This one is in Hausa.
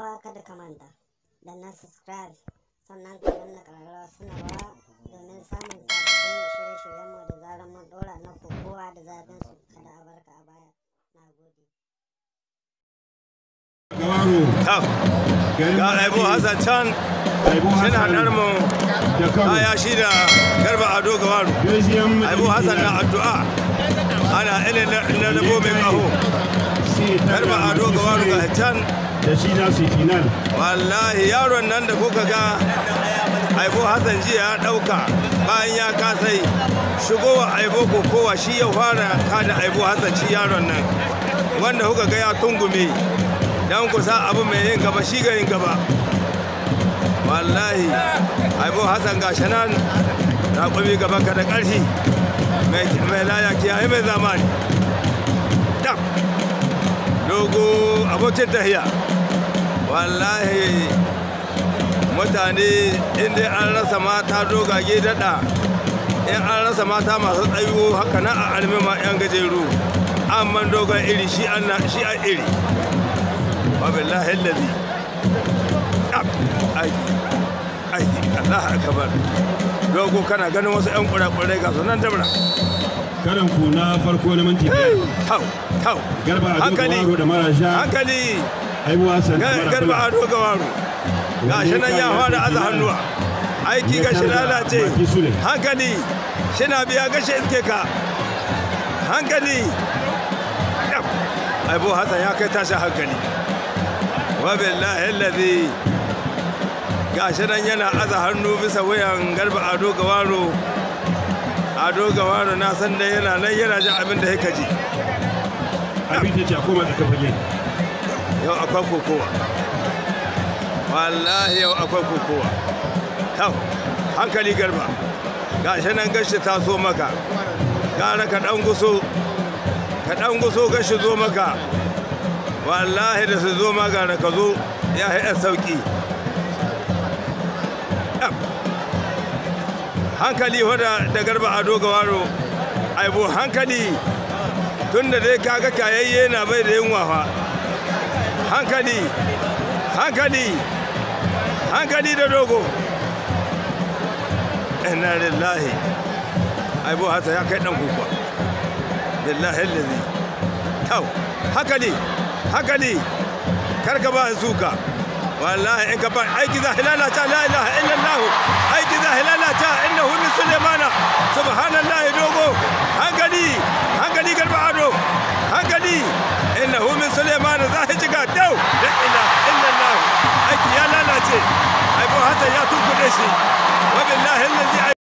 uwa kada ka manta da na subscribe sannan ka danna ƙararrawa sanarwa domin samun sabbin shirye-shiryenmu da zarar mun ɗora na kowa da zafin su kada a barka a baya na gode. ga ɗaibo hassan can shina narmu kaya shi da garba ado gawaru ɗaibo hassan na addu'a ana ilin rabo mai ƙaho garba ado ga wani ga can da shi na su final wallahi yaron nan da kuka ga aibo hassan jiya ya dauka bayan ya kasai shigowa aibo kokowa shi ya fara kada aibo hassan shi yaron nan wanda kuka ga ya tungume dan kusa abu mai yin gaba shi ga yin gaba wallahi aibo hassan gashi nan ta kwami gaban ka da ƙarfi mai laya kiyaye mai zamani dogo abokin tahiya wallahi mutane inda an rasa mata dogage daɗa in an rasa mata masu tsayo haka na a ma 'yan gajeru man dogon iri shi an iri wabillahi lalazi aiki aiki Allah akabar dogo kana ganin wasu 'yan kurakurai ga sunan dabra karan ku na farko na minti hau hau garba a hankali da hankali aibuwa san garba a doga waro ga nan ya fara aza hannuwa aiki ga shi lalace hankali shina na biya gashe iske ka hankali aibuwa hasan ya kai tashi hankali wabillahi alladhi gashi nan yana aza hannu bisa wuyan garba ado gawaro ado gawaro na san da yana nan yana jin abin da yake ji abin da ce a ba tsaka fage yau akwai kokowa wallahi yau akwai kokowa tau hankali garba gashi nan gashi ta so maka gara ka dan guso ka dan guso gashi zo maka wallahi da su zo maka da ka zo ya haɗa sauki hankali hoda da garba ado gawaro aibu hankali tun da dai kaga kayayye na bai da yunwa fa hankali hankali hankali da dogo ina lillahi aibu hasa ya kai dan kuka lillahi lillahi tau hankali hankali karka ba suka wallahi in ka ba aiki za ta la ilaha شيء يبغون هذا يا تركو شيء وبالله الذي